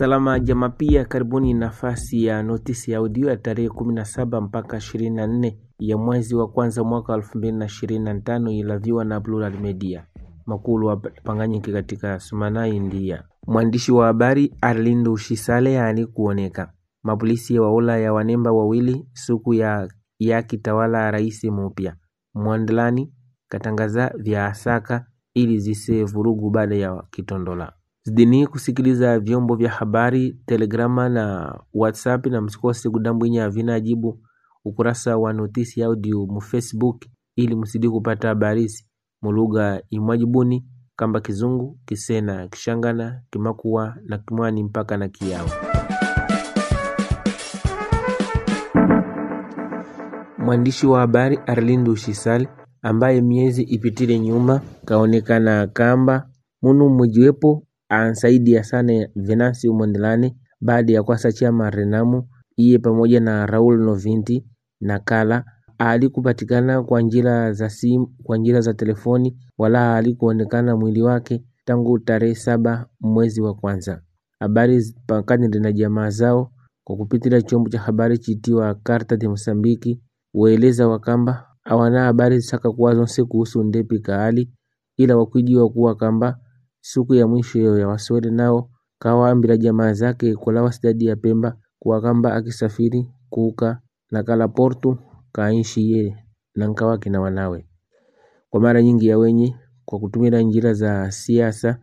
Salama Jama pia karibuni nafasi ya notisi ya audio ya tarehe 17 mpaka 24 ya mwezi wa kwanza mwaka 2025 ilaviwa na Plural Media makulu panganyiki katika sumana India. Mwandishi wa habari Arlindo Shisale ali kuoneka. Mapolisi waula ya wanemba wawili suku ya, ya kitawala rais mupya mwandlani katangaza vya asaka ili zise vurugu baada ya kitondola zidini kusikiliza vyombo vya habari telegrama na whatsapp na msikose kudambwinya vina ajibu ukurasa wa notisi audio mu facebook ili msidi kupata habarisi mulugha imwajibuni kamba kizungu kisena kishangana kimakuwa na kimwani mpaka na kiyao mwandishi wa habari arlindu shisal ambaye miezi ipitile nyuma kaonekana kamba munu mwejiwepo ansaidia sana venancio Umwendelane baada ya kwasa chama iye pamoja na Raul Novinti nakala alikupatikana kwa njira za simu, kwa njira za telefoni, wala alikuonekana mwili wake tangu tarehe saba mwezi wa kwanza. Habari pakanile na jamaa zao kwa kupitia chombo cha habari chitiwa Karta de Mosambiki waeleza wakamba awana habari zisakakuwa zonse kuhusu Ndepi Kaali ila wakijua kuwa kamba Siku ya mwisho ya Waswere nao kawaambila jamaa zake kolawa sidadi ya Pemba kuwakamba akisafiri kuuka kala portu kaishi ye na nkawa kina wanawe, kwa mara nyingi ya wenye kwa kutumira njira za siasa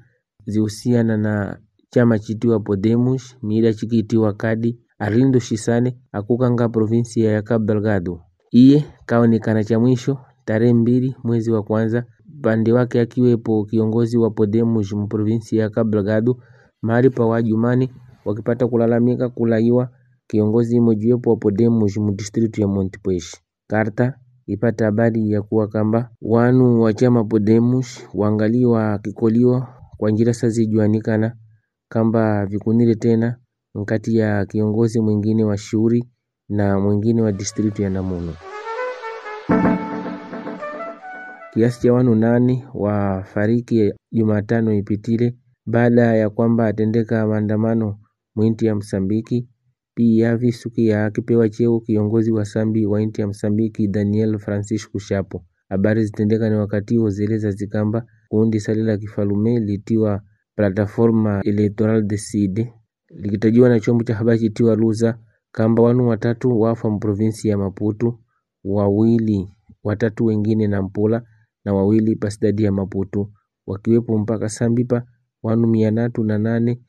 zihusiana na chama chitiwa Podemos miila chikiitiwa kadi Arlindo Shisane akukanga provinsia ya Cabo Delgado, iye kaonekana cha mwisho tarehe mbili mwezi wa kwanza upande wake akiwepo kiongozi wa Podemos mprovinsi ya Cabo Delgado mahali pa wajumani wakipata kulalamika kulaiwa kiongozi mojawapo wa Podemos mdistritu ya Montepuez Karta ipata habari ya kuwa kamba wanu wa chama Podemos waangaliwa kikoliwa kwa njira sazijuanikana kamba vikunile tena nkati ya kiongozi mwingine wa shuri na mwingine wa distritu ya Namuno kiasi cha wanu nane wafariki Jumatano ipitile baada ya kwamba atendeka maandamano mwinti ya Msambiki. Pia visuki ya kipewa cheo kiongozi wa sambi wa inti ya Msambiki Daniel Francis Kushapo. Habari zitendeka ni wakati huo zeleza zikamba kundi sali la kifalume litiwa Plataforma Electoral de Decide likitajiwa na chombo cha habari chitiwa Luza kamba wanu watatu wafa mprovinsi ya Maputo, wawili watatu wengine na Mpula na wawili pasi dhidi ya Maputo wakiwepo mpaka Sambipa wanu mia tatu na nane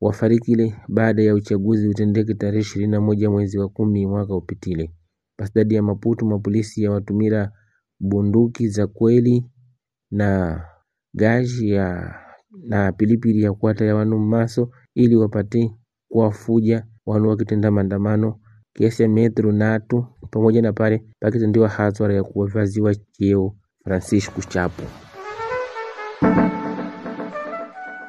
wafariki baada ya uchaguzi utendeke tarehe ishirini na moja mwezi wa kumi mwaka upitile. Pasi dhidi ya Maputo mapolisi ya watumira bunduki za kweli na gaji ya na pilipili ya kwata ya wanu maso ili wapate kuwafuja wanu wakitenda maandamano kiasi ya metro natu pamoja na pale pakitendiwa haswara ya kuwavaziwa cheo Francisco Chapo.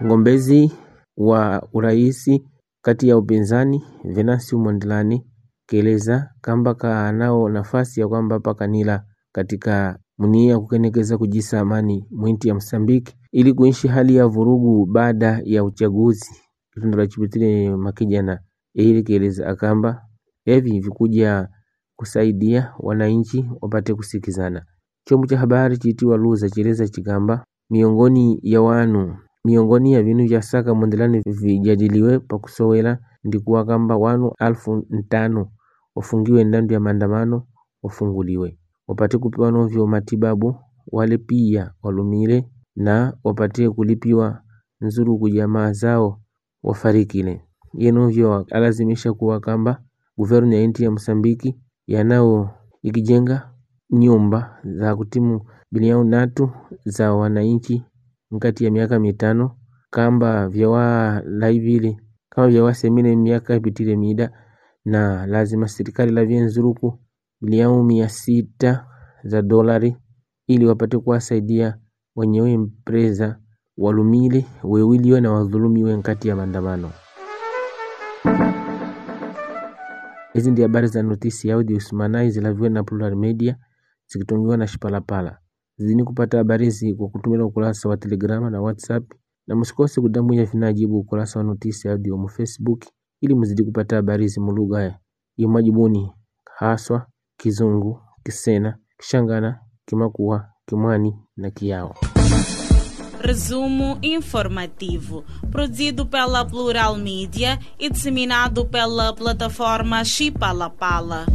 Mgombezi wa urais kati ya upinzani Venancio Mondlane keleza kamba kanao nafasi ya kwamba pakanila katika munia kukenekeza kujisa amani mwinti ya Msambiki ili kuishi hali ya vurugu baada ya uchaguzi kitendo lachipitile makijana ili keleza akamba evi vikuja kusaidia wananchi wapate kusikizana Chombo cha habari wa Luza chileza chikamba miongoni ya wanu miongoni ya vinu vya saka mwendelani vijadiliwe pakusowela ndi kamba wanu alfu ntano wafungiwe ndandu ya maandamano wafunguliwe wapate kupewa novyo matibabu wale pia walumile na wapate kulipiwa nzuru jamaa zao wafarikile yenovyo alazimisha kuwa kamba guvernu ya inti ya Msambiki yanao ikijenga nyumba za kutimu bilioni natu za wananchi nkati ya miaka mitano kamba laivili kama semine miaka ipitile mida na lazima serikali lavye vyenzuruku bilioni mia sita za dolari ili wapate kuwasaidia wenyewe empresa walumile wewiliwe na wadhulumiwe nkati ya maandamano. Hizi ndi habari za notisi ya audio zilaviwe na Plural Media zikitongiwa na Shipalapala. Zidini kupata habari hizi kwa kutumia ukurasa wa Telegrama na WhatsApp, na msikose kudamuya vinajibu ukurasa wa Notisi Audio mu Facebook ili mzidi kupata habari hizi mu lugha ya majibuni haswa Kizungu, Kisena, Kishangana, Kimakua, Kimwani na Kiao. Resumo informativo, produzido pela Plural Media e disseminado pela plataforma Chipalapala.